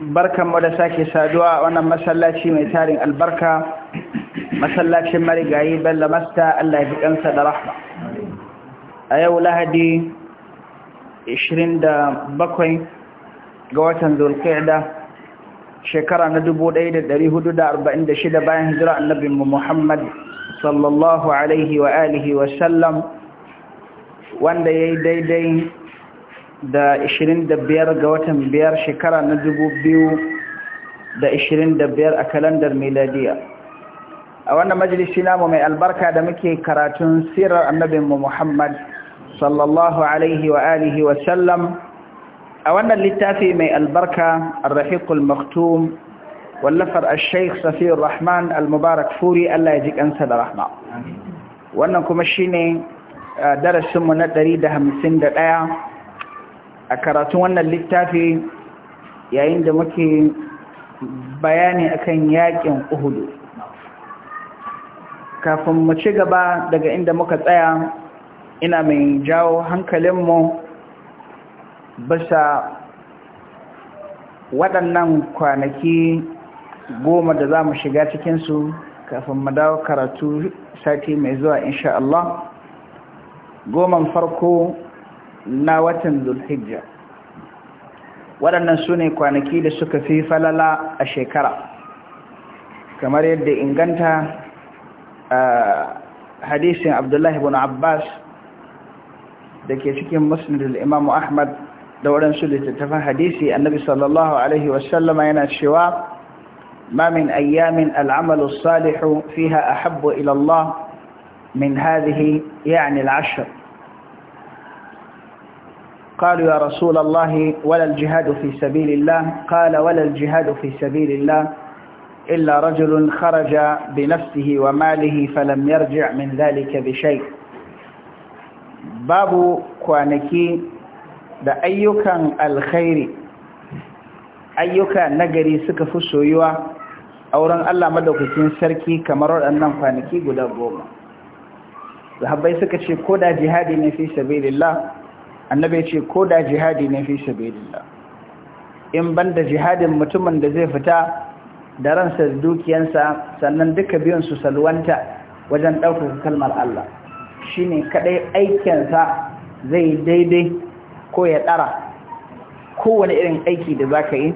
mu da sake saduwa a wannan masallaci mai tarin albarka masallacin marigayi bello masta Allah ya fi kansa da rahma a yau lahadi 27 ga watan zulqa'da shekara na 1446 bayan hijira annabi Muhammad sallallahu alaihi wa alihi wa sallam wanda yayi daidai da 25 ga watan biyar shekara na 2025 a kalandar miladiya a wannan majalisi namu mai albarka da muke karatun sirar annabinmu Muhammad sallallahu alaihi wa alihi wa sallam a wannan littafi mai albarka ar maktum wallafar al-shaykh rahman al-mubarak furi Allah ya ji kansa da rahma wannan kuma shine uh, darasinmu na 151 a karatun wannan littafi yayin da muke bayani akan yaƙin uhudu kafin mu ci gaba daga inda muka tsaya ina mai jawo hankalinmu bisa waɗannan kwanaki goma da za mu shiga cikinsu kafin mu dawo karatu sati mai zuwa insha Allah goman farko na watan zulhijja waɗannan su ne kwanaki da suka fi falala a shekara kamar yadda inganta hadisin abdullahi bin abbas da ke cikin musnadul imam ahmad da waɗansu littattafan hadisi annabi sallallahu alaihi wasallama yana cewa ma min ayyamin al'amalu salihu fiha ahabbu ila Allah min hadhihi yani al'ashr قالوا يا رسول الله ولا الجهاد في سبيل الله قال ولا الجهاد في سبيل الله إلا رجل خرج بنفسه وماله فلم يرجع من ذلك بشيء babu kwanaki da ayyukan alkhairi ayyuka nagari suka fi soyuwa a wurin Allah madaukakin sarki kamar waɗannan kwanaki guda goma Zahabbai suka ce ko da jihadi ne fi sabilillah annabi ya ce ko da jihadi ne fi sabilillah in banda jihadin mutumin da zai fita da ransa da dukiyansa sannan duka biyan su salwanta wajen daukar kalmar Allah shine kadai aikinsa zai daidai ko ya ɗara kowane irin aiki da zaka yi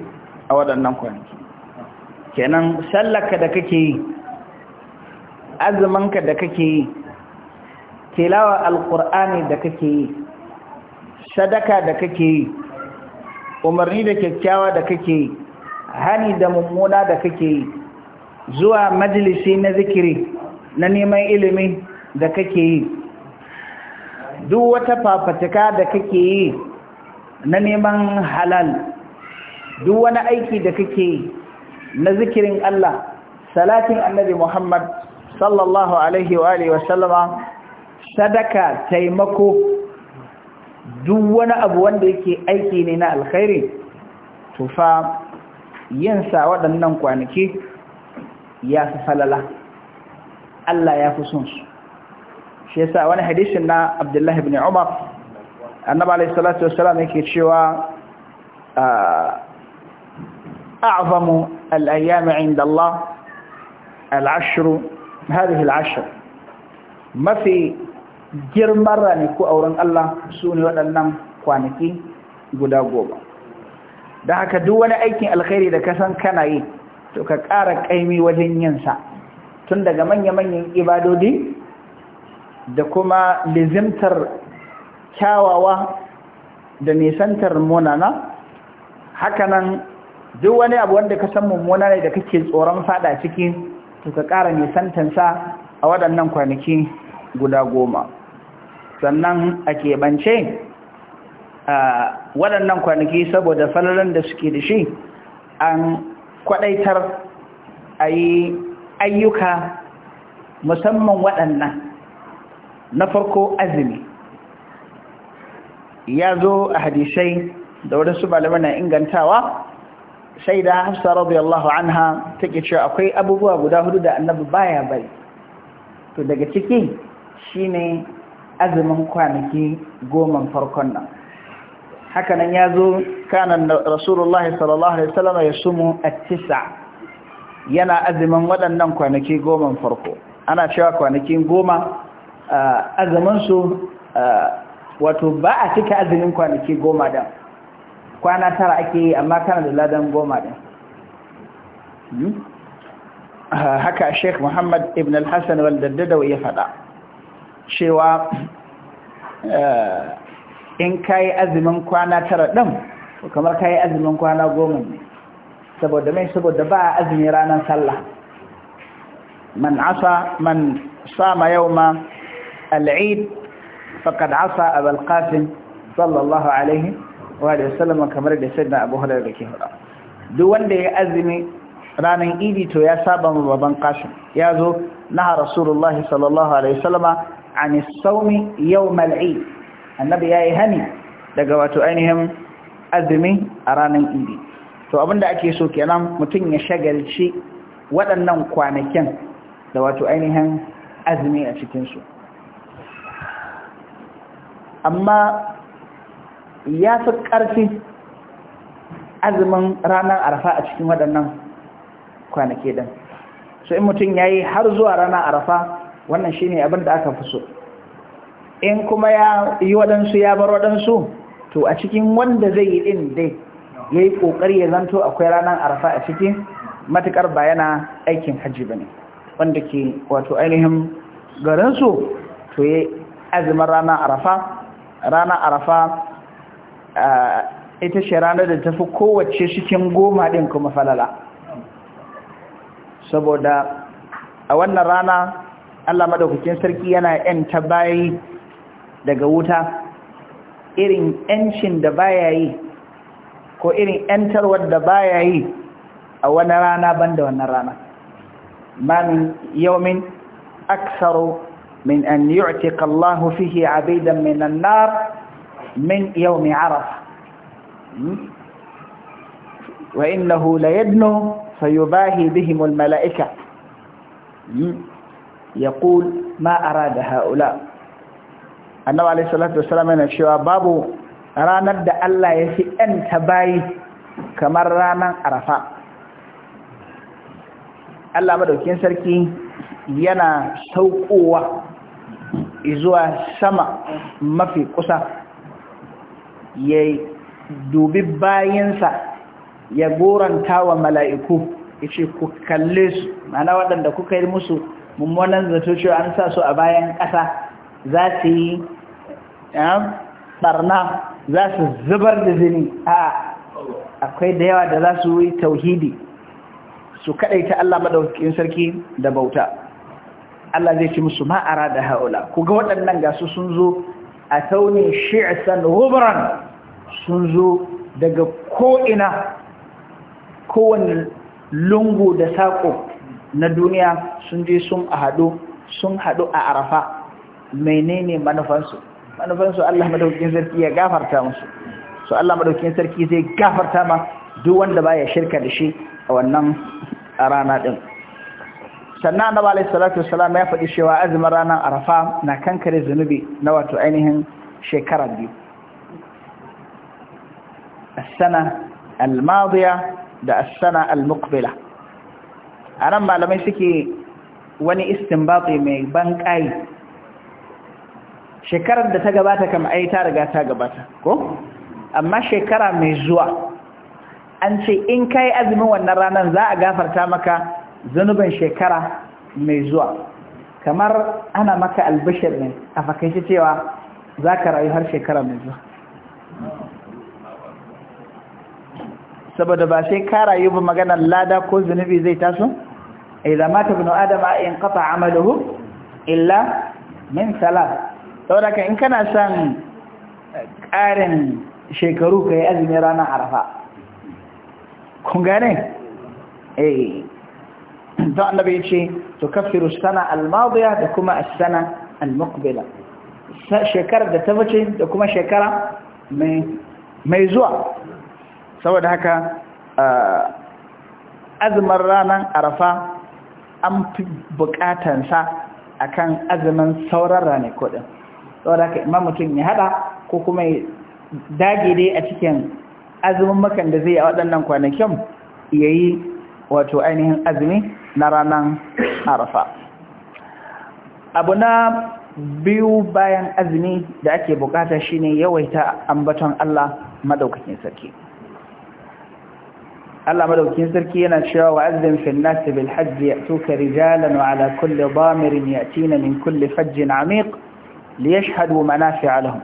a waɗannan kwanaki kenan sallaka da kake yi azumanka da kake yi tilawa alkur'ani da kake yi sadaka da kake yi umarni da kyakkyawa da kake yi hani da mummuna da kake yi zuwa majalisi na zikiri na neman ilimi da kake yi duk wata fafatika da kake yi na neman halal duk wani aiki da kake yi na zikirin Allah salatin annabi Muhammad sallallahu alaihi wa alihi wa sallama sadaka taimako duk wani abu wanda yake aiki ne na alkhairi to fa yin sa waɗannan kwanaki ya fi falala Allah ya fi son su shi yasa wani hadisin na Abdullahi ibn Umar annabi alayhi salatu wassalam yake cewa a'zamu al-ayyam 'inda Allah al-'ashr hadhihi al-'ashr ما في girman raniku a wurin Allah su ne waɗannan kwanaki guda goma da haka duk wani aikin alkhairi da kasan kana yi to ka ƙara ƙaimi wajen yinsa tun daga manya-manyan ibadodi da kuma lizimtar kyawawa da nisantar munana hakanan duk wani abu wanda ka san mummuna ne da kake tsoron fada ciki to ka ƙara nisantansa a waɗannan kwanaki guda goma sannan a keɓance waɗannan kwanaki saboda falalan da suke da shi an kwaɗaitar a yi ayyuka musamman waɗannan na farko azumi ya zo a hadisai da su balama na ingantawa sai da hafsa radiyallahu anha take cewa akwai abubuwa guda hudu da annabi baya bari to daga ciki shine azumin kwanaki goma farkon nan hakanan ya zo kanan rasulullahi sallallahu alaihi wasallam ya sumu at-tisa yana azumin waɗannan kwanaki goma farko ana cewa kwanaki goma azumin su wato ba a cika azumin kwanaki goma dan kwana tara ake yi amma kana da ladan goma dan. Hmm? haka Sheikh Muhammad ibn al-Hassan wal-Daddadawi ya faɗa cewa eh, in ka yi azumin kwana tara ɗin kamar ka yi azumin kwana goma ne saboda mai saboda ba azumi ranar sallah man asa man sama yau ma al'id faƙad asa a balƙasin sallallahu alaihi wa salama kamar da sai da abu hular da ke hura duk wanda ya azumi ranar idi to ya saba ma baban qasim ya zo na harasurullahi sallallahu alaihi wasallama عن الصوم يوم العيد النبي يا هني daga wato ainihin azumi a ايدي idi to abinda ake so kenan mutum ya shagalci waɗannan واتو da wato ainihin azumi a cikinsu amma ya fi azumin ranar arfa a cikin waɗannan kwanaki ɗin so in mutum ya yi har zuwa ranar arafa wannan shine abin da aka fi so in kuma ya yi waɗansu ya bar waɗansu to a cikin wanda zai yi ɗin dai ya yi ƙoƙari ya zanto akwai ranar arafa a cikin matuƙar ba yana aikin hajji ba ne wanda ke wato ainihin garinsu to ya azumin ranar arafa ranar arafa ita ce ranar da ta fi kowace cikin goma ɗin kuma falala saboda a wannan rana Allah madaukakin sarki yana ‘yanta bayi daga wuta irin ‘yancin da baya yi ko irin ‘yantarwar da baya yi a wani rana banda wannan rana. Ma yawmin aksaru min an yu'tika Allah fihi abidan min annar min yawmi araf. Wa innahu layadnu yadnu fayubahi bihimul mala'ika. yaqul ma da haula annabi sallallahu salatu wasallam yana cewa babu ranar da Allah ya fi ta bayi kamar ranar arafa Allah madaukin sarki yana saukowa zuwa sama mafi kusa ya dubi bayinsa ya goranta wa mala'iku ya ce ku kalle su mana waɗanda kuka yi musu mummunan zato cewa an sa su a bayan ƙasa za su yi ɓarna za su zubar da zini a akwai da yawa da za su yi tauhidi su ta Allah maɗaukakin sarki da bauta Allah zai ci musu ma'ara da haula ku ga waɗannan gasu sun zo a taunin shi'isan rubran sun zo daga ko'ina kowane lungu da saƙo na duniya sun je sun haɗu sun haɗu a arafa menene manufansu manufansu Allah madaukakin sarki ya gafarta musu so Allah madaukakin sarki zai gafarta ma duk wanda baya shirka da shi a wannan rana din sannan annabi alaihi salatu wassalam ya faɗi cewa azumin ranar arafa na kankare zunubi na wato ainihin shekara biyu السنة الماضية da السنة المقبلة anan malamai suke wani istinbati mai ban kai shekarar da ta gabata kam ai ta riga ta gabata ko amma shekara mai zuwa an ce in kai azumin wannan ranar za a gafarta maka zanubin shekara mai zuwa kamar ana maka albishir ne a shi cewa za ka rayu har shekara mai zuwa saboda ba sai ka rayu ba maganar lada ko zunubi zai taso? idza mata ibnu adama in qata amaluhu illa min salat saboda in kana son ƙarin shekaru ka yi azumin ranar arafa kun gane? eh don annabi ya ce to kafiru sana almadiya da kuma sana almukbila shekarar da ta wuce da kuma shekara mai zuwa saboda haka azumin ranar arafa an fi bukatansa kan azumin sauran kudin, sau saboda ka imam mutum ya haɗa, ko kuma ya dage dai a cikin azumin makon da zai a waɗannan kwanakin ya yi wato ainihin azumi na ranar arafa abu na biyu bayan azumi da ake bukata shine yawaita ambaton Allah madaukakin sarki الله ملو كنزر كينا شو وأذن في الناس بالحج يأتوك رجالا وعلى كل ضامر يأتين من كل فج عميق ليشهدوا منافع لهم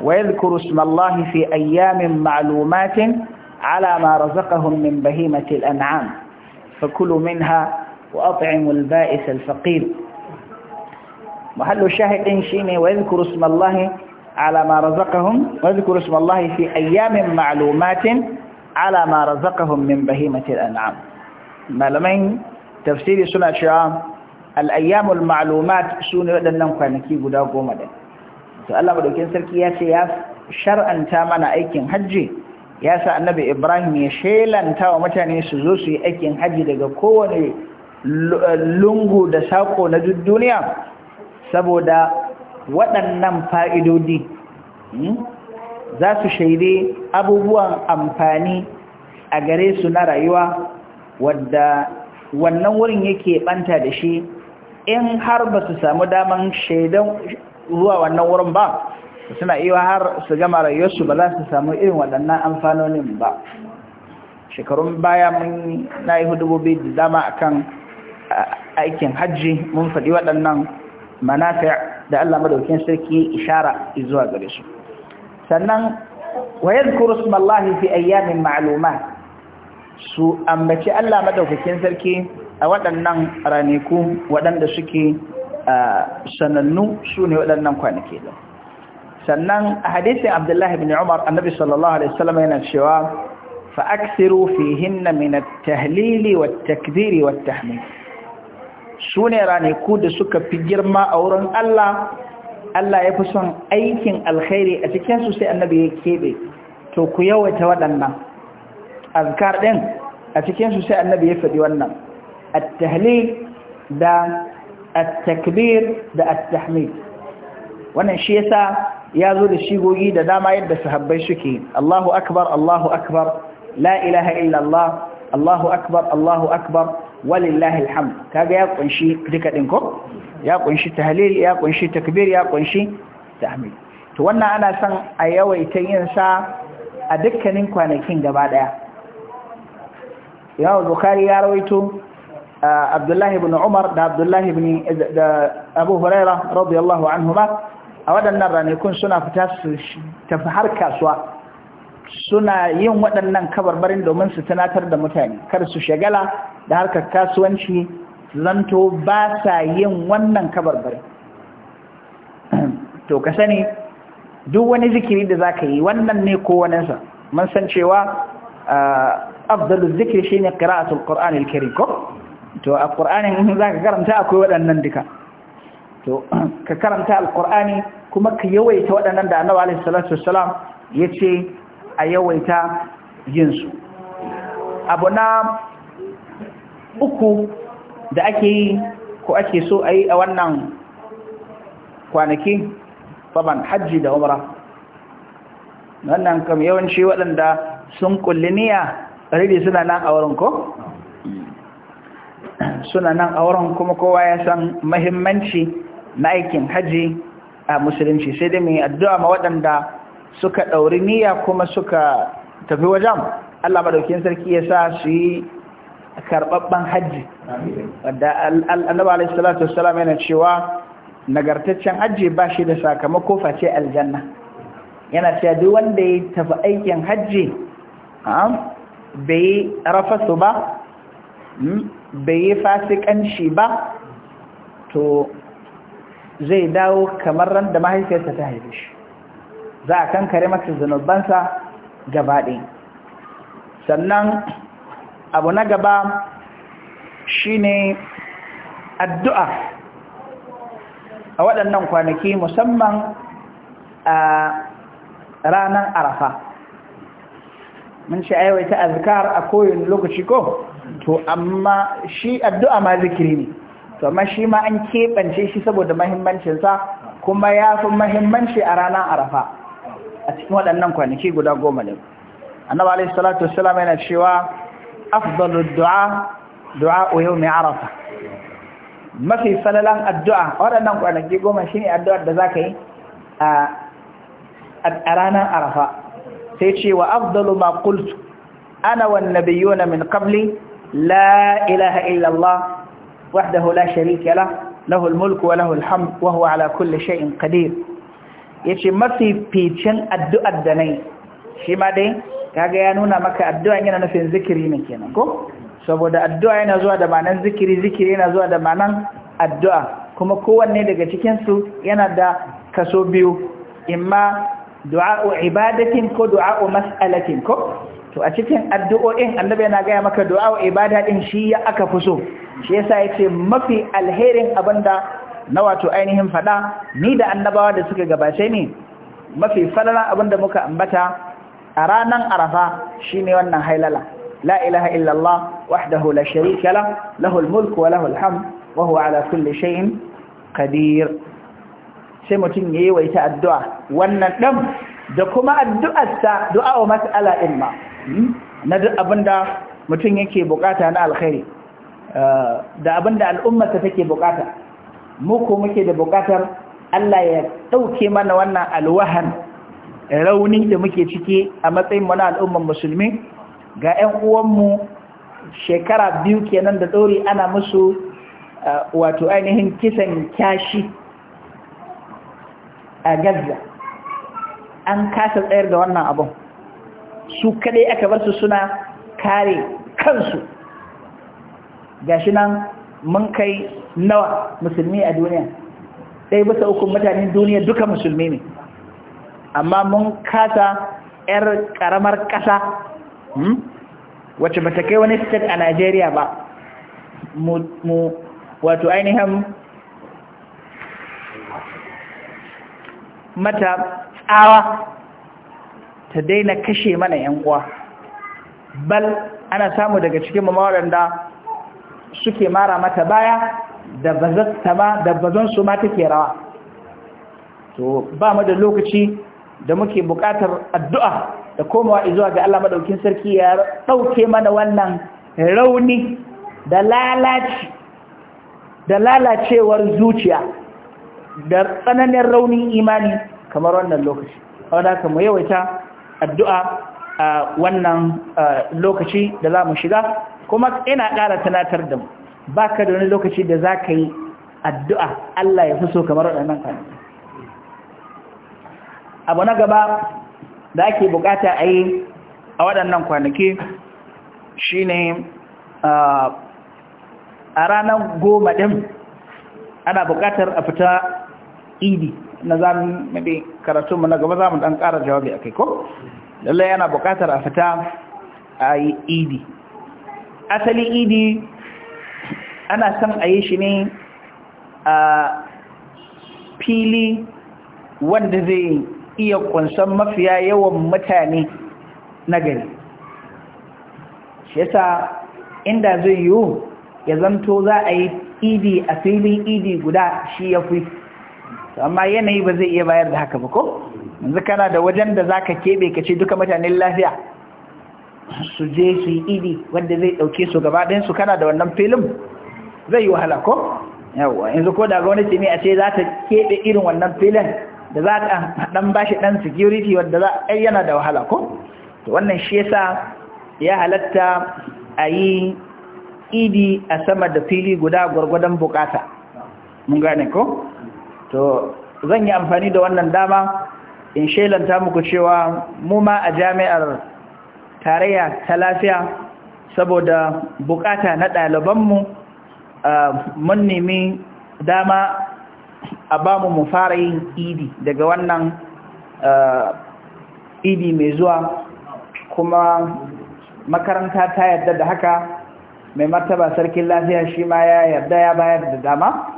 ويذكروا اسم الله في أيام معلومات على ما رزقهم من بهيمة الأنعام فكلوا منها وأطعموا البائس الفقير محل الشاهد شيني ويذكروا اسم الله على ما رزقهم ويذكروا اسم الله في أيام معلومات ala ma razaqahum min bahimatil an'am malamai tafsiri suna cewa al-ayyamul ma'lumat sune waɗannan kwanaki guda goma din to Allah madaukakin sarki ya ce ya shar'anta mana aikin hajji ya sa annabi Ibrahim ya shelanta wa mutane su zo su yi aikin hajji daga kowane eh, lungu da sako na duniya saboda waɗannan fa'idodi hmm, za su shaide abubuwan amfani a gare su na rayuwa wadda wannan wurin yake banta da shi in har ba su samu daman shaidan zuwa wannan wurin ba suna iya har su gama rayuwarsu ba za su samu irin waɗannan amfanonin ba shekarun baya mun na yi hudubobi da dama akan aikin hajji mun faɗi waɗannan manafi da Allah madaukin sarki ishara zuwa gare su sannan wa yadhkuru fi ayyamin ma'aluma su ambaci Allah madaukakin sarki a waɗannan ranaku waɗanda suke sanannu su ne waɗannan kwanaki da sannan a hadisin abdullahi bin umar annabi sallallahu alaihi wasallam yana cewa fa aksiru fihinna min at-tahlili wat-takbiri wat-tahmid su ne ranaku da suka fi girma a wurin Allah Allah ya fi son aikin alkhairi a cikinsu sai annabi ya kebe to ku yawaita waɗannan azkar ɗin a cikinsu sai annabi ya faɗi wannan at-tahlil da at-takbir da at-tahmid wannan shi yasa ya zo da shigogi da dama yadda sahabbai suke Allahu akbar Allahu akbar la ilaha illa Allah Allahu akbar Allahu akbar walillahi alhamd kaga ya kunshi duka ɗin ko ya kunshi tahlil ya kunshi takbir ya kunshi tahmid to wannan ana son a yawaita yin sa a dukkanin kwanakin gaba daya yawo bukari ya rawaito abdullahi ibn umar da abdullahi ibn da abu huraira radiyallahu anhuma a waɗannan ranakun suna fita su tafi har kasuwa suna yin waɗannan kabarbarin domin su tunatar da mutane kar su shagala da harkar kasuwanci zanto ba sa yin wannan kabarbari to ka sani duk wani zikiri da za ka yi wannan ne kowanensa mun san cewa ah, afdalu zikiri shi ne ƙira'atul ƙor'an ilkirin ko to a ƙor'anin za ka karanta akwai waɗannan duka to ka karanta alƙor'ani kuma ka yawaita waɗannan da annawa alaihi salatu wasalam ya ce a yawaita yinsu abu na uku da ake yi ko ake so a yi a wannan kwanaki faban hajji da umara wannan kam yawanci waɗanda sun kulli niya rabi suna nan a wurin ko suna nan a wurin kuma kowa ya san mahimmanci na aikin hajji a musulunci sai dai mai addu'a ma waɗanda suka ɗauri niyya kuma suka tafi wajen Allah maɗaukin sarki ya sa su yi karɓaɓɓen hajji da annabi Salaatu salatu wassalam yana cewa nagartaccen hajji ba shi da sakamako face aljanna yana cewa duk wanda ya tafi aikin hajji bai rafasu ba mm, bai yi fasikanci ba to zai dawo kamar ran da mahaifiyarsa ta haife shi za a kankare masa zunubansa ɗaya sannan abu na gaba shi ne addu'a a waɗannan kwanaki musamman a ranar arafa mun ce aiwaita azkar a koyin lokaci ko to amma shi addu'a ma zikiri ne to amma shi ma an keɓance shi saboda mahimmancinsa kuma ya fi mahimmanci a ranar arafa a cikin waɗannan kwanaki guda goma ne annaba salatu wasu yana cewa أفضل الدعاء دعاء يوم عرفة ما في فللا الدعاء أرى أنك أنا جيبوا ما شيني الدعاء بذاك آه، أرانا عرفة سيشي وأفضل ما قلت أنا والنبيون من قبلي لا إله إلا الله وحده لا شريك له له الملك وله الحمد وهو على كل شيء قدير يشي ما في بيتشن الدعاء الدنيا shi ma dai kaga ya nuna maka addu'a yana nufin zikiri ne kenan ko saboda addu'a yana zuwa da ma'anan zikiri zikiri yana zuwa da ma'anan addu'a kuma kowanne daga cikin su yana da kaso biyu imma du'a'u ibadatin ko du'a'u mas'alatin ko to a cikin addu'o'in annabi yana gaya maka du'a'u ibada din shi ya aka fi so shi yasa yace mafi alherin abinda na wato ainihin fada ni da annabawa da suka gabace ni mafi falala abinda muka ambata a ranar arafa shi ne wannan hailala la ilaha illallah wahdahu la sharika la lahul mulku wa lahul hamd wa huwa ala kulli shay'in qadir sai mutum yayi waita addu'a wannan dan da kuma addu'arsa du'a wa mas'ala imma hmm? na duk abinda mutum yake bukata na alkhairi eh, da abinda al'umma ta take bukata mu ko muke da bukatar Allah ya dauke mana wannan alwahan rauni da muke ciki a matsayin mana al'ummar musulmi ga 'yan uwanmu shekara biyu kenan da ɗori ana musu wato ainihin kisan kyashi a gaza an kasa tsayar da wannan abin su kaɗai aka bar su suna kare kansu gashi nan mun kai nawa musulmi a duniya ɗaya bisa uku mutanen duniya duka musulmi ne amma mun kasa 'yar ƙaramar ƙasa hmm? wacce ba ta kai wani state a Najeriya ba mu wato ainihin mata tsawa ta daina kashe mana yan uwa bal ana samu daga cikin mu da suke mara mata baya da bazan su ma take rawa to ba mu da lokaci da muke bukatar addu'a da komawa zuwa ga Allah madaukin sarki ya dauke mana wannan rauni da lalaci da lalacewar zuciya da tsananin raunin imani kamar wannan lokaci wadda ka mu yawaita addu'a a wannan lokaci da za mu shiga kuma ina ƙara tunatar da mu ba ka da wani lokaci da za ka yi addu'a Allah ya fi so kamar waɗannan kanin abu na gaba da ake bukata a yi a waɗannan kwanaki shine a ranar goma ɗin ana bukatar a fita idi na zamu mabi karatu mu na gaba zamu dan ƙara jawabi a kai ko lallai yana bukatar a fita a yi idi asali idi ana san a yi shi ne a fili wanda zai iya kunsan mafiya yawan mutane na gari shi yasa inda zai yiwu ya zanto za a yi idi a filin idi guda shi ya fi amma yanayi ba zai iya bayar da haka ba ko yanzu kana da wajen da za ka keɓe ka ce duka mutanen lafiya su je su yi idi wanda zai ɗauke su gaba su kana da wannan filin zai yi wahala ko yawwa yanzu ko da gwamnati ne a ce za ta keɓe irin wannan filin da za ka dan bashi ɗan security wanda za a yana da wahala ko to wannan shi yasa ya halatta a yi idi a sama da fili guda gwargwadon bukata mun gane ko to zan yi amfani da wannan dama in shelanta muku cewa mu ma a jami'ar tarayya ta lafiya saboda bukata na ɗalibanmu ah, mun nemi dama a ba mu fara yin idi daga wannan eh, idi mai zuwa kuma makaranta ta yarda da haka mai martaba sarkin lafiya shi ma ya yarda ya bayar da dama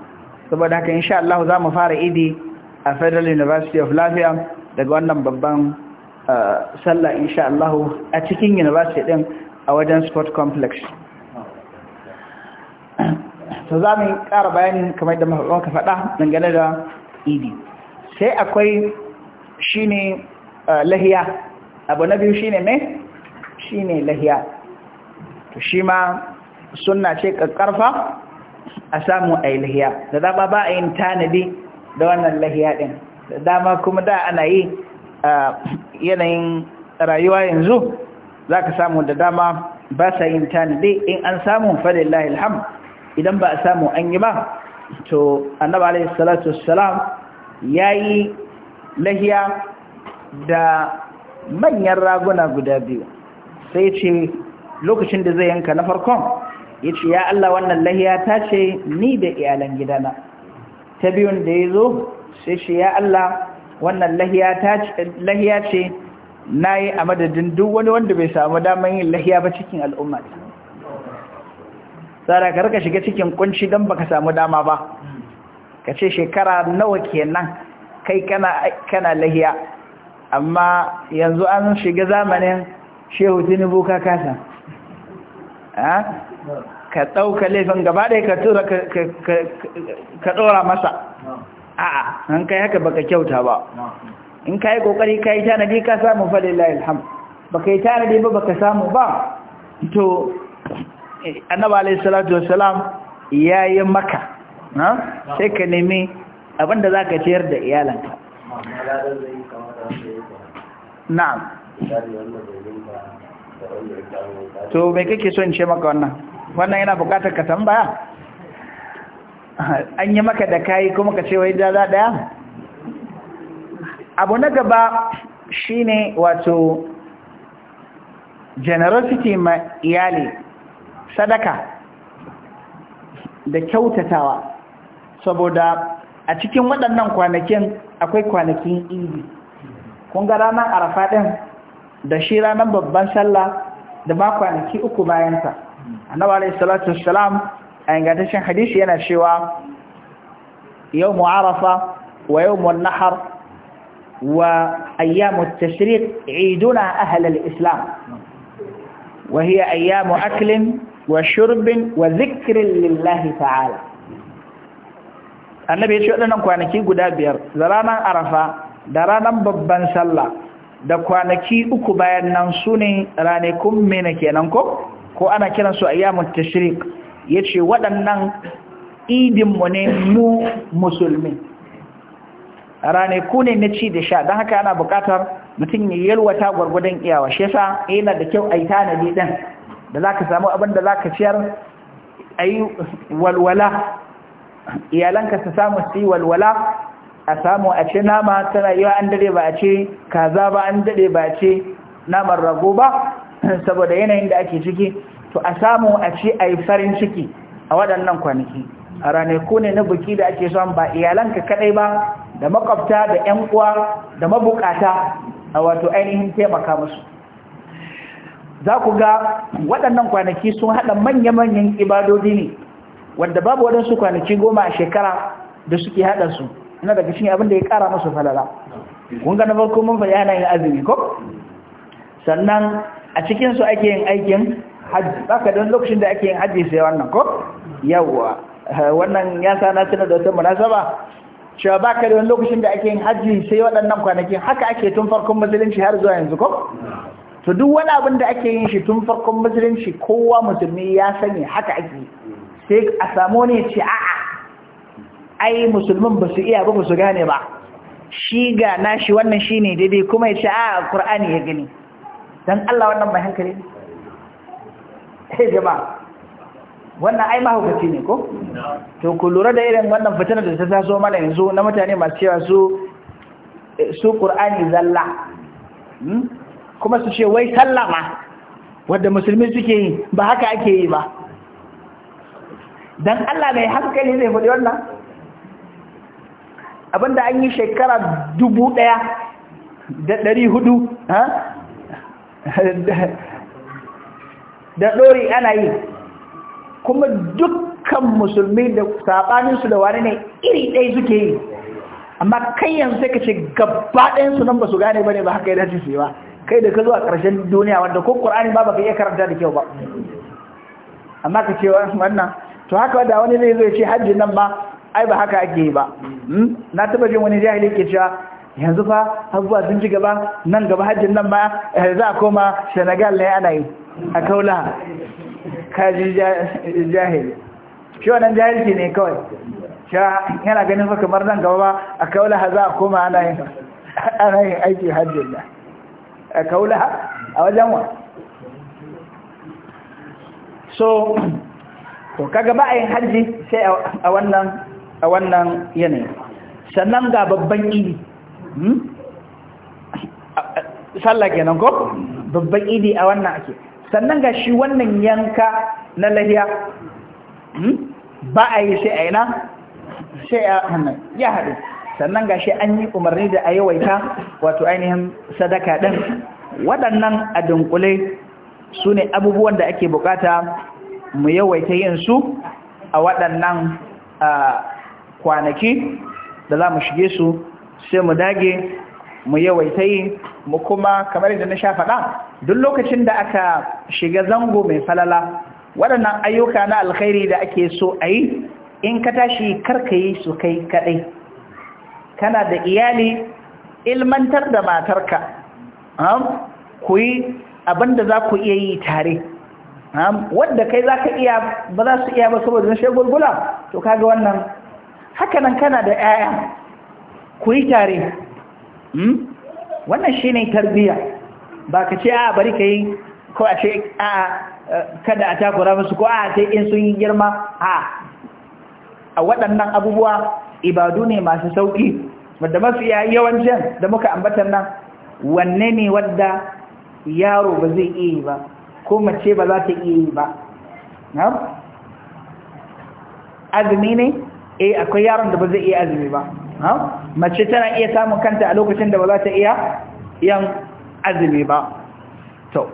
saboda haka insha Allah za mu fara idi a Federal University of Lafiya daga wannan babban eh, sallah insha Allah a cikin university din a wajen sport complex to za mu ƙara bayani kamar da mafaɗon ka faɗa dangane da idi sai akwai shi ne uh, lahiya abu na biyu shi ne mai shi ne lahiya to shi ma suna ce ƙarfa a samu a yi lahiya da dama ba a yin tanadi da wannan lahiya ɗin da dama kuma da ana yi uh, yanayin rayuwa yanzu za ka samu da dama ba sa yin tanadi in an samu fadillahi ham. idan ba a samu an yi ba to annaba alaihi salatu wassalam yayi lahiya da manyan raguna guda biyu sai ce lokacin da zai yanka na farkon ce ya Allah wannan lahiya ta ce ni da iyalan gidana ta biyun da ya zo sai ce ya Allah wannan lahiya ta ce lahiya ce nayi a madadin duk wani wanda bai samu damar yin lahiya ba cikin al'umma sada ka rika shiga cikin kunci don baka samu dama ba ka ce shekara nawa kenan kai kana kana lahiya amma yanzu an shiga zamanin shehu tinubu ka kasa ka ɗauka laifin gaba ɗaya ka tura ka ɗora masa a'a an kai haka baka kyauta ba in ka yi ƙoƙari ka yi tanadi ka samu falin la'ilham baka yi tanadi ba baka samu ba to annaba alayhi salatu wassalam yayi maka na sai ka nemi abinda zaka ciyar da iyalanka na'am to me kake son ce maka wannan wannan yana bukatar ka tambaya an yi maka da kayi kuma ka ce wai da za daya abu na gaba shine wato generosity ma iyali sadaka da kyautatawa saboda a cikin waɗannan kwanakin akwai kwanakin idi kun ga ranar arafa ɗin da shi ranar babban sallah da ba kwanaki uku bayansa annabi alayhi salatu wassalam a ingantaccen hadisi yana cewa yawmu muarafa wa yawmu nahar wa ayyamu tashriq iduna ahlal islam wa hiya ayyamu aklin wa shurbin wa zikirin lillahi ta'ala annabi ya ce waɗannan kwanaki guda biyar da ranar arafa da ranar babban sallah da kwanaki uku bayan nan su ne ranakun mena kenan ko ko ana kiran a ayyamun tashrik ya ce waɗannan idinmu ne mu musulmi ranaku ne na ci da sha don haka ana buƙatar mutum ya yalwata gwargwadon iyawa shi yasa yana da kyau a yi tanadi ɗin da za ka samu abin da za ka ciyar a yi walwala iyalanka su samu su yi walwala a samu a ce nama tana yi an dare ba a ce kaza ba an dare ba a ce naman rago ba saboda yanayin da ake ciki to a samu a ce a yi farin ciki a waɗannan kwanaki a ranaku ne na buki da ake son ba iyalanka kaɗai ba da makwabta da 'yan uwa da mabukata a wato ainihin taimaka musu za ku ga waɗannan kwanaki sun haɗa manya-manyan ibadodi ne wanda babu waɗansu kwanaki goma a shekara da suke haɗa su ina daga cikin abin da ya ƙara masu falala kun ga na farko mun faɗi ana yin azumi ko sannan a cikin su ake yin aikin hajji baka don lokacin da ake yin hajji sai wannan ko yawwa wannan ya sa na tuna da wata munasaba cewa ba ka da wani lokacin da ake yin hajji sai waɗannan kwanaki haka ake tun farkon musulunci har zuwa yanzu ko to duk wani abin da ake yin shi tun farkon musulunci kowa musulmi ya sani haka ake sai a samu ne ce a'a ai musulmin ba su iya ba ba su gane ba shi ga nashi wannan shi ne daidai kuma ya ce a'a ƙur'ani ya gani don Allah wannan mai hankali ne ya eh, jama'a wannan ai mahaukaci ne ko to ku lura da irin wannan fitina da ta taso mana yanzu na mutane masu cewa su su Qur'ani zalla hmm? kuma su ce wai sallama wadda musulmi suke yi ba haka ake yi ba don Allah mai hankali zai faɗi wannan abinda an yi shekara dubu ɗaya da ɗari hudu da ɗori ana yi kuma dukkan musulmi da saɓaninsu da wani ne iri ɗaya suke yi amma kai yanzu sai ka ce gabaɗayansu nan ba su gane ba ne ba haka yi da su yi ba kai da ka zo a ƙarshen duniya wanda ko ƙur'ani ba baka iya karanta da kyau ba amma ka ce wannan to haka da wani zai zo ya ce hajji nan ba ai ba haka ake yi ba hmm? na taba jin wani jahili ke cewa yanzu fa abubuwa sun ci gaba nan gaba hajjin nan ba eh, za a koma senegal ne ana yi a kaula kaji jahili shi wannan jahilci ne kawai yana ganin fa kamar nan gaba ba a kaula za a koma ana yin aiki hajjin nan kaulaha a wajen wa so to kaga ba a yin hajji sai a wannan a wannan yanayi sannan ga babban idi hmm? sallah kenan ko babban idi a wannan ake sannan ga shi wannan yanka na lahiya hmm? ba a yi sai a ina sai a hannun ya haɗu sannan ga shi an yi umarni da a yawaita wato ainihin sadaka ɗin waɗannan a dunkule su ne abubuwan da ake bukata mu yawaita yin su a waɗannan kwanaki da za mu shige su sai mu dage mu yawaita yi mu kuma kamar yadda na sha faɗa duk lokacin da aka shiga zango mai falala waɗannan ayyuka na alkhairi da ake so a yi in ka tashi karka yi su kai kaɗai kana da iyali ilmantar da matarka ku yi abinda za ku iya yi tare wadda kai za ka iya ba za su iya ba saboda na shagulgula to kaga wannan hakanan kana da 'ya'ya ku yi tare hmm? wannan shi ne tarbiya ba ka ce a bari ka yi ko a ce a kada a takura musu ko a ce in sun yi girma a a waɗannan abubuwa ibadu ne masu sauƙi wadda mafiya yawancin da muka ambatan nan wanne ne wadda yaro ba zai iya ba ko mace ba za ta iya ba azumi ne eh akwai yaron da ba zai iya azumi ba mace tana iya samun kanta a lokacin da ba za ta iya yan azumi ba to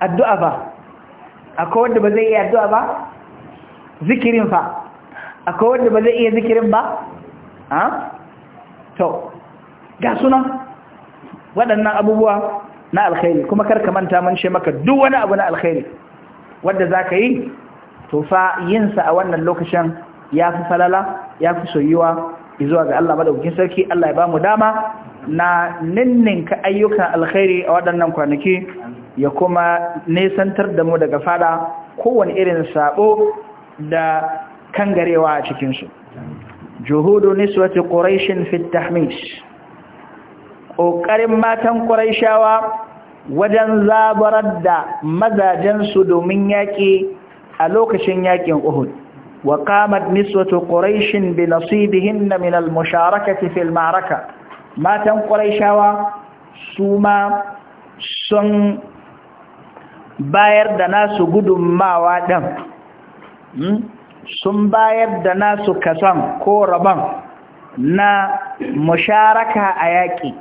addu'a ba akwai wanda ba zai iya addu'a ba zikirin fa akwai wanda ba zai iya zikirin ba ha to ga suna waɗannan abubuwa na alkhairi kuma kar ka manta mun ce maka duk wani abu na alkhairi wanda zaka yi to fa yinsa a wannan lokacin ya fi falala ya fi soyuwa zuwa ga Allah madaukakin sarki Allah ya ba mu dama na ninninka ayyukan alkhairi a waɗannan kwanaki ya kuma nesantar da mu daga fada kowane irin sabo da kangarewa a cikinsu juhudu niswati quraishin fi tahmish kokarin matan quraishawa wajen zabarar da mazajensu domin yaƙi a lokacin yaƙin Uhud wa qamat niswatu quraishin bi nasibihin min al musharakati fil ma'raka matan quraishawa su ma sun bayar da nasu gudunmawa din sun bayar da nasu kasan ko rabon na musharaka a yaƙi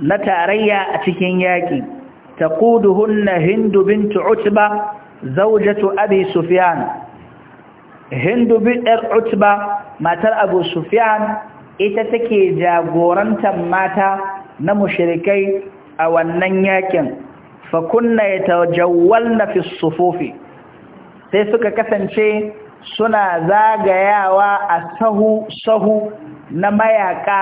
na tarayya a cikin yaƙi ta hunna hindu bintu utba zaujatu abi sufyan hindu bintar er utba matar abu sufyan ita take jagorantar mata na mushirikai a wannan yaƙin. fa kunna yatajawwalna fi sufufi sai suka kasance suna zagayawa a sahu sahu na mayaka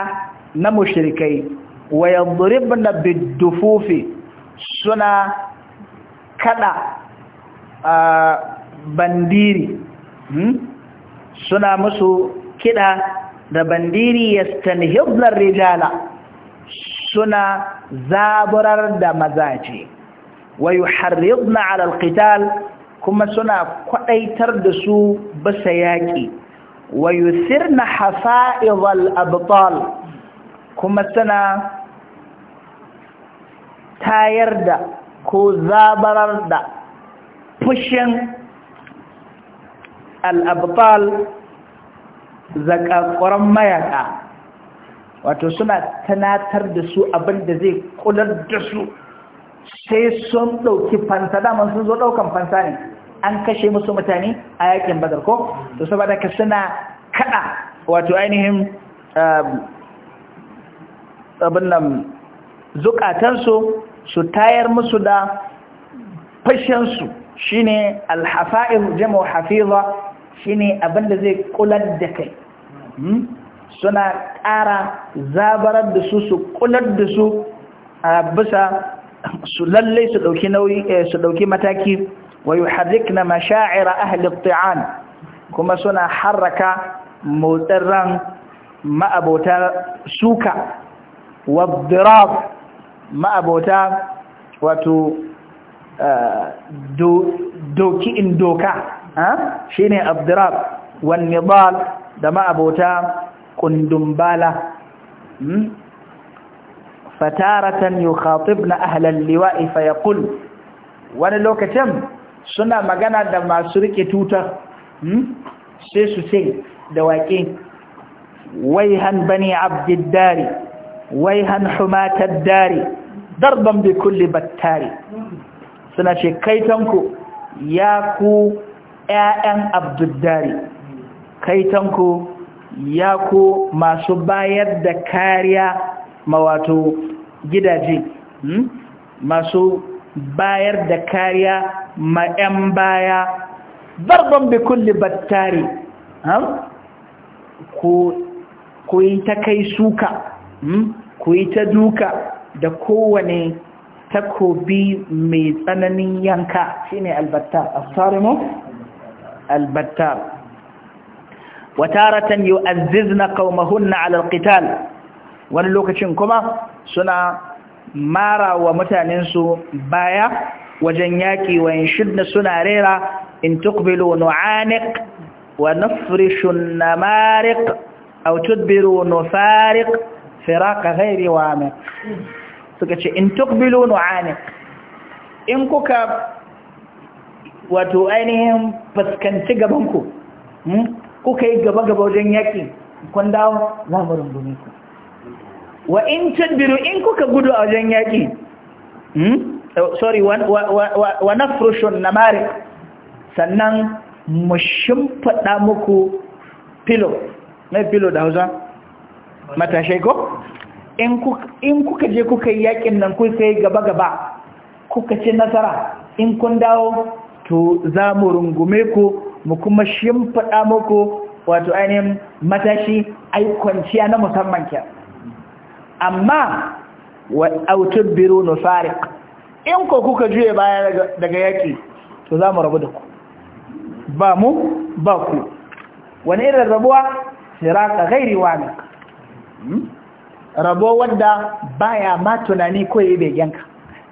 na mushirikai, wa yadribna bidufufi suna kada bandiri hmm? suna musu kida da bandiri yastanhibna rijala suna zaburar da mazaje wa yuharridna ala alqital kuma suna kwadaitar da su basa yaƙi wa yusirna hafa'izal abtal kuma suna tayar da ko zabarar da fushin al-abtal zakakuran mayaka wato suna tanatar da su abin zai kular da su sai sun ɗauki fanta daman sun zo ɗaukan fanta ne an kashe musu mutane a yakin badar ko to saboda ka suna kada wato ainihin um, abin nan zukatansu su tayar musu da fashensu shine alhafa'ir jama'u hafiza shine abin da zai kular da kai hmm? suna ƙara zabarar da su su kular da su a bisa su lallai su ɗauki eh, mataki ويحركنا مشاعر أهل الطعان كما سنة حرك موترا ما أبوتا سوكا والضراب ما أبوتا وتو آه، دوكي إن دوكا شيني الضراب والنضال دما أبوتا كندمبالا فتارة يخاطبنا أهل اللواء فيقول وانا لو كتم suna magana da masu rike tutar hmm? sai su ce da waƙe Wai han bani abdiddari waihan han dari darban bi kulli battari suna ce kaitanku ya ku ‘ya'yan abdiddari kaitanku ya ku masu bayar da kariya mawato gidaje hmm? masu bayar da kariya ma 'yan baya zarban bi kulli battari ku yi ta kai suka hmm? ku yi ta duka da kowane takobi mai tsananin yanka shine albattar asarimu albattar wataratan yu'azzizna qaumahunna 'ala alqital wani lokacin kuma suna mara wa mutanensu baya wajen yaƙi wa shidda suna rera in tukbilo nu'aniq wa nafrishu namariq aw tudbiru nufariq firaka ghairi wamiq suka ce in tukbilo nu'aniq in kuka wato ainihin fuskanci gabanku hmm, kuka yi gaba-gaba wajen yaƙi kun dawo za mu rungume ku wa in tudbiru in kuka gudu a wajen yaƙi hmm, sorry wa nafrushun namariq sannan mu shimfada muku filo mai filo da hausa matashai ko in kuka je kuka yi yakin nan kuka sai gaba-gaba kuka ci nasara in kun dawo to za mu rungume ku mu kuma shimfaɗa muku wato ainihin matashi ai kwanciya na musamman ke amma wa autobiru nufariq in ko kuka juye baya daga yaƙi to za mu rabu da ku ba mu ba ku wani irin rabuwa siraka gairi wani hmm? rabuwa wanda baya ma tunani ko yi begenka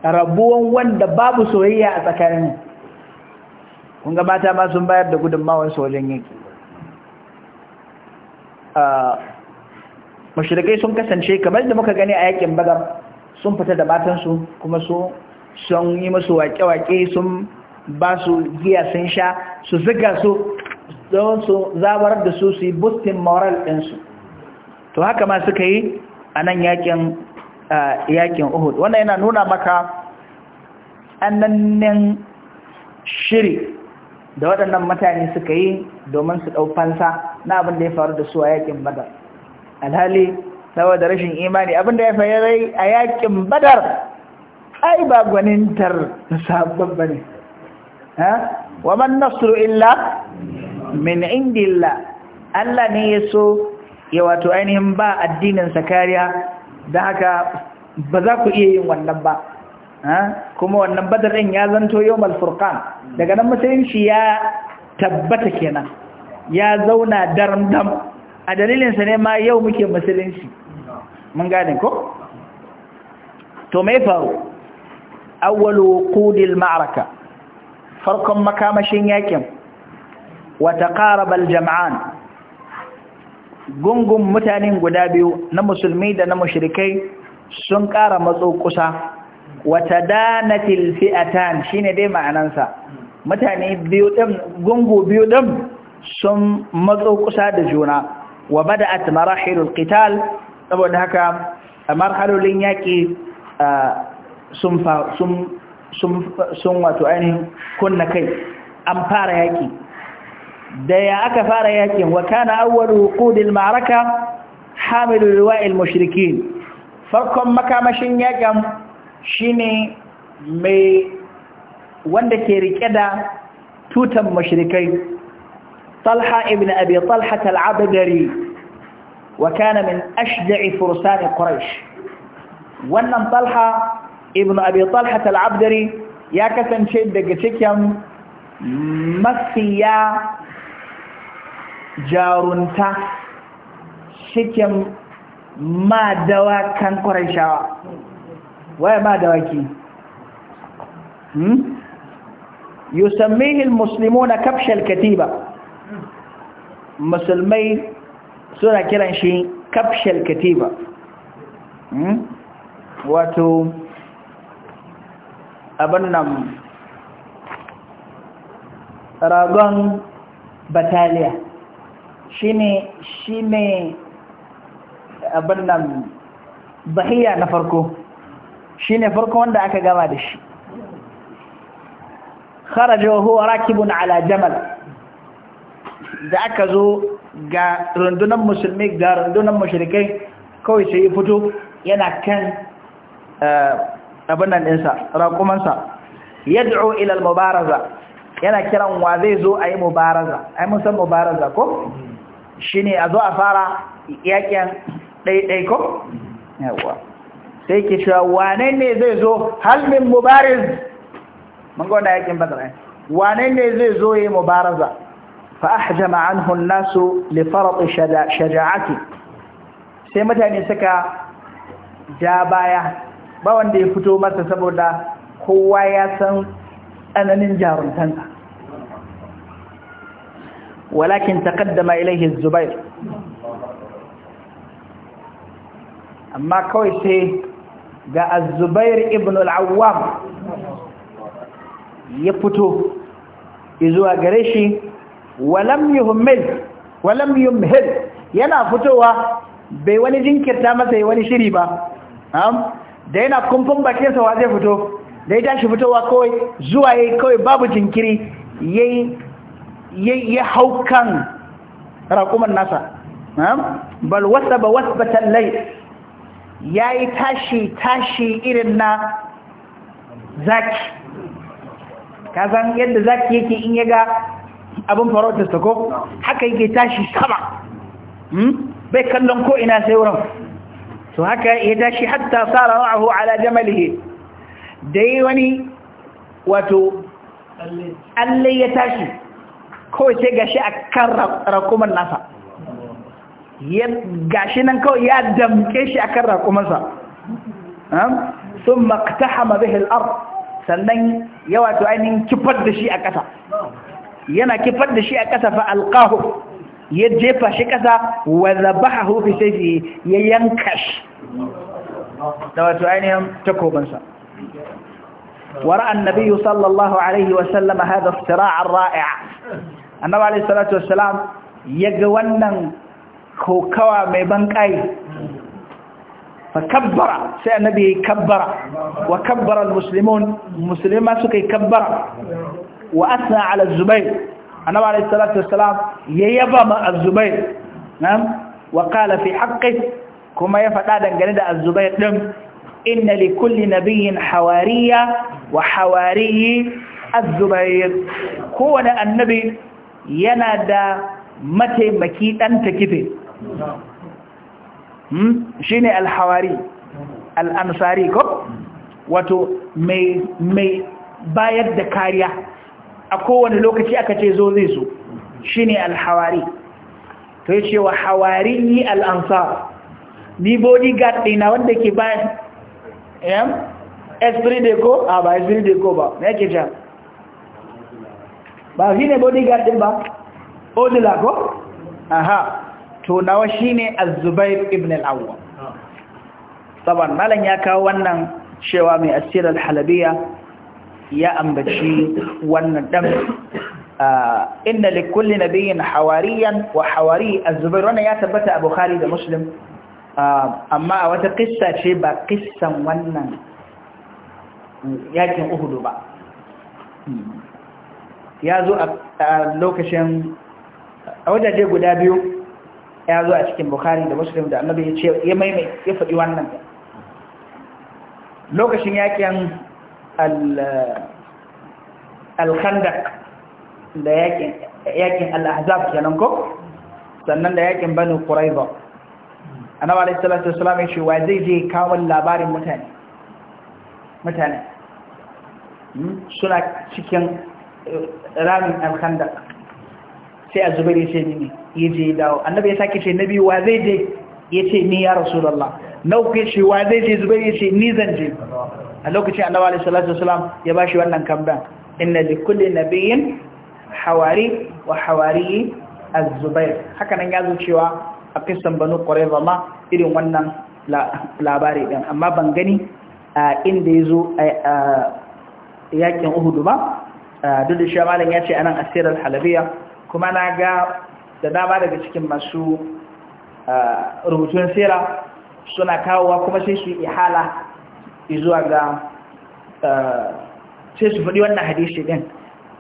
rabuwan wanda babu soyayya a tsakanin kun ga mata ma sun bayar da gudunmawar sojan yake ah, mashirikai sun kasance kamar da muka gani a yakin bagar, sun fita da matansu kuma su sun yi musu wake-wake sun ba su giya sun sha su ziga su don su zabar da su su yi bustin moral ɗinsu to haka ma suka yi a nan yakin uhud wannan yana nuna maka annanin shiri da waɗannan mutane suka yi domin su ɗau fansa na abin da ya faru da su a yakin badar alhali saboda rashin imani abin da ya faru a yakin badar ai ba gwanintar sabon ba ne. wa man nasru illa min indilla Allah ne ya so ya wato ainihin ba addinin sakariya kariya da haka ba za ku iya yin wannan ba kuma wannan badar ɗin ya zanto yau malfurkan daga nan musulunci ya tabbata kenan ya zauna darandam a dalilinsa ne ma yau muke musulunci mun gane ko to mai faru awwalu qudil ma'araka farkon makamashin yakin wa taqarabal jam'an gungun mutanen guda biyu na musulmi da na mushrikai sun ƙara matso kusa wa tadanatil fi'atan shine dai ma'anansa mutane biyu din gungu biyu din sun matso kusa da juna wa bada'at marahilul qital saboda haka marhalolin yaki ah, sun wato ainihin kunna kai an fara yaki da ya aka fara yakin wa kana awwalu qudil ma'araka hamilu liwa'il mushrikin farkon makamashin yakin shine mai wanda ke rike da tutan mushrikai talha ibn abi talha al-abdari wa kana min ashja'i fursan quraish wannan talha ibn abi talha al-abdari ya kasance daga cikin masiya jarunta cikin madawa kan ƙwararrawa waya ki hmm? yusammihi al-muslimuna kafsh al-katiba musulmai suna kiran shi kafsh al-katiba hmm? wato abin nan ragon bataliya shi ne abin nan bahiya na farko shi ne farko wanda aka gama da shi kharajo huwa rakibun ala jamal da aka zo ga rundunan musulmi ga rundunan mashirikai kawai sai ya fito yana kan eh, abin nan ɗinsa raƙumansa ya ila ilal mubaraza yana kiran wa zai zo yi mubaraza ai mun san mubaraza ko shine a zo a fara yakin ɗaiɗai ko yawa sai ke cewa wane ne zai zo halmin min mubariz mun ga yakin badar wane ne zai zo yi mubaraza fa ahjama anhu an-nasu li farat shaja'ati sai mutane suka ja baya ba wanda ya fito masa saboda kowa ya san tsananin jaruntansa walakin takaddama ilaihi zubair amma kawai sai ga azubair zubair ibn al-awwam ya fito zuwa gare shi walam yuhmil walam yana fitowa bai wani jinkirta masa wani shiri ba da yana kumfin bakinsa wa zai fito da ya tashi fitowa kawai zuwa yayi kawai babu jinkiri ya hau kan raƙuman nasa bal ba wasa tallai ya yi tashi tashi irin na zaki kazan yadda zaki yake in yaga ga abin farautar ta ko haka yake tashi sama hmm? bai kallon ko ina sai wurin to haka ya tashi hatta sara ma'ahu ala jamalihi dai wani wato allai ya tashi kawai sai gashi a kan rakuman nasa gashi nan kawai ya damke shi a kan rakumansa sun maktahama bihil ar sannan yawa to ainihin kifar da shi a ƙasa yana kifar da shi a ƙasa fa alƙahu ya jefa shi ƙasa wanda ba a hufi sai ya yanka shi da wato ainihin takobansa wara annabi sallallahu alaihi wasallama hada iftira'ar ra'i'a annaba alaihi salatu wassalam ya ga wannan kokawa mai banƙai fa kabbara sai annabi ya kabbara wa kabbara al-muslimun musulma suka yi kabbara wa asna ala zubair annabi alayhi salatu wassalam ya yaba ma az-zubair nam wa qala fi haqqi kuma ya faɗa dangane da az-zubair din inna li kulli nabiyyin hawariya wa hawariyi az-zubair kowane annabi yana da mataimaki dan takife hmm? shine al-hawari al-ansari ko wato mai bayar da kariya a kowane lokaci aka ce zo zai shi shine alhawari to ce wa hawari yi ansar ni bodyguard ɗina wanda ke bayan em eh? esprit de ko a ba esprit de ko ba me yake ja ba shine bodyguard ɗin ba odila ko aha to nawa shine ne zubair ibn al saban malan ya kawo wannan cewa mai asirar halabiya ya ambaci wannan dan inna likulli nabiyyin hawariyan wa hawari az-zubair wannan ya tabbata a bukhari da muslim amma a wata kissa ce ba kissan wannan yakin uhudu ba ya zo a lokacin a wajaje guda biyu ya zo a cikin bukhari da muslim da annabi ya ce ya maimai ya faɗi wannan lokacin yakin al-khandaq da yakin al-ahzab kenan ko sannan da yakin banu quraiza annabi sallallahu alaihi wasallam shi wa zai je kawo labarin mutane mutane hmm? suna cikin eh, ramin al-khandaq sai a sai ce ne ya je dawo annabi ya sake ce na biyu wa zai je ya ce ni ya rasu rasulallah na uku wa zai je zubari ya ce ni zan je a lokacin annabi alaihi salatu wasalam ya bashi wannan kamban inna likulli nabiyyin hawari wa hawari az-zubair haka nan yazo cewa a kisan banu qurayza ma irin wannan labari din amma ban gani inda yazo yakin uhud ba duk da shi malam ya ce anan asir al-halabiya kuma na ga da dama daga cikin masu rubutun sira suna kawowa kuma sai su ihala izuwa ga eh, sai su faɗi wannan hadisi ɗin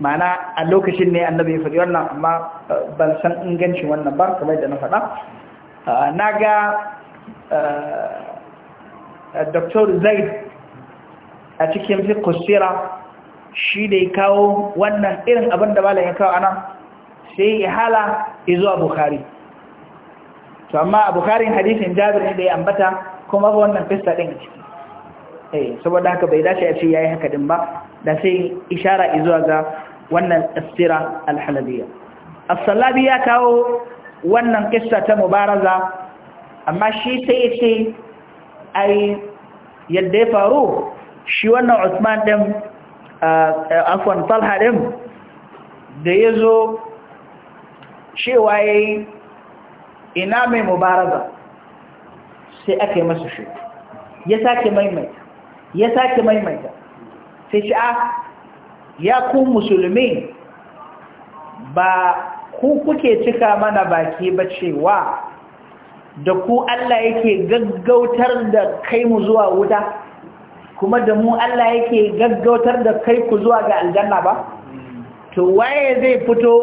ma'ana a lokacin ne annabi ya faɗi wannan amma eh, ban san ingancin wannan ba kamar da na faɗa eh, na ga dr zaid a cikin fikusira shi da ya kawo wannan irin abin da bala ya kawo ana sai ya hala izuwa bukari to amma a bukari hadisin jabir ne da ya ambata kuma wannan fista ɗin a ciki Eh, saboda haka bai dace a ce yayi haka din ba da sai ishara zuwa ga wannan istira al-halabiya as-salabi ya kawo wannan kissa ta mubaraza amma shi sai ya ce ai yadda ya faru shi wannan Usman din afwan Talha din da yazo cewa yayi ina mai mubaraza sai ake masa shi ya sake maimaita ya sake maimaita sai shi a ah, ya ku musulmi ba ku kuke cika mana baki ba cewa da ku Allah yake gaggautar da kai mu zuwa wuta kuma da mu Allah yake gaggautar da kai ku zuwa ga aljanna ba to waye zai fito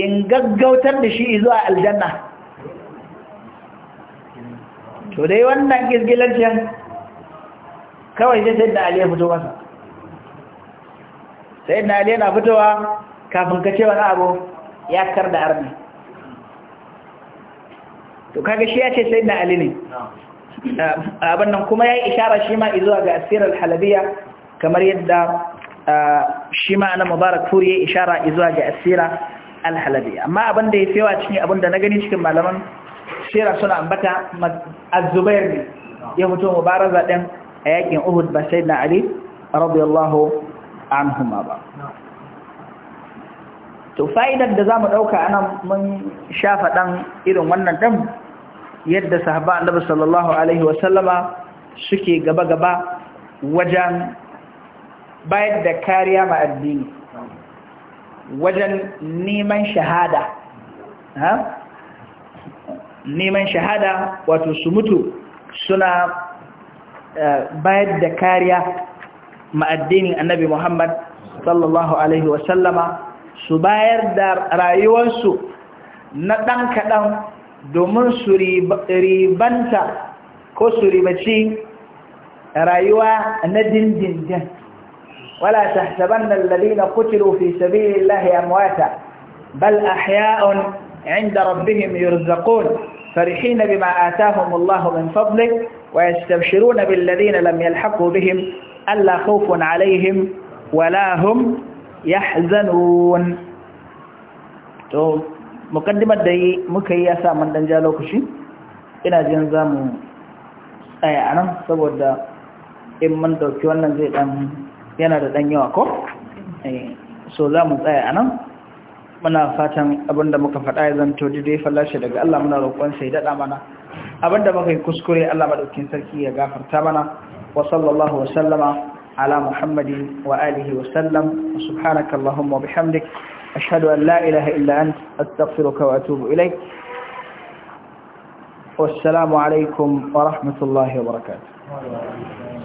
in gaggautar da shi zuwa aljanna to dai wannan gizgilancin kawai sai sayyidina ali ya fito masa sayyidina ali yana fitowa kafin ka ce wani abu ya kar da arni to kaga shi ya ce sayyidina ali ne abin nan kuma ya yi ishara shi ma izuwa ga asirar halabiya kamar yadda shi ma ana mubarak furi ya yi ishara izuwa ga asira alhalabiya amma abin da ya fi cikin abin da na gani cikin malaman shira suna ambata azubair ne ya fito mubaraza ɗin a uhud ba sai na ali radiyallahu anhuma ba to fa'idar da zamu dauka anan mun shafa dan irin wannan dan yadda sahaba annabi sallallahu alaihi wasallama suke gaba gaba wajen bayar da kariya ma addini wajen neman shahada ha neman shahada wato su mutu suna bayar da kariya addinin annabi Muhammad sallallahu Alaihi wasallama su bayar da rayuwarsu na ɗan kaɗan domin su ribanta ko su ribaci rayuwa na dindindin wala ta saban nan lalina kuturu fi sabi lahi wata bal ahya'un inda rabbihim yurzaqun فرحين بما آتاهم الله من فضله ويستبشرون بالذين لم يلحقوا بهم ألا خوف عليهم ولا هم يحزنون to mukaddimar da muka yi yasa mun dan ja lokaci ina jin zamu tsaya anan saboda in mun dauki wannan zai dan yana da yawa ko zamu tsaya anan muna fatan abinda muka faɗa ya zanto daidai fallashi daga Allah muna roƙon sai daɗa mana abinda muka yi kuskure Allah maɗaukin sarki ya gafarta mana wa sallallahu wa sallama ala muhammadin wa alihi wa sallam wa subhanaka allahumma wa bihamdik ashhadu an la ilaha illa ant astaghfiruka wa atubu ilaik wassalamu alaikum wa rahmatullahi wa barakatuh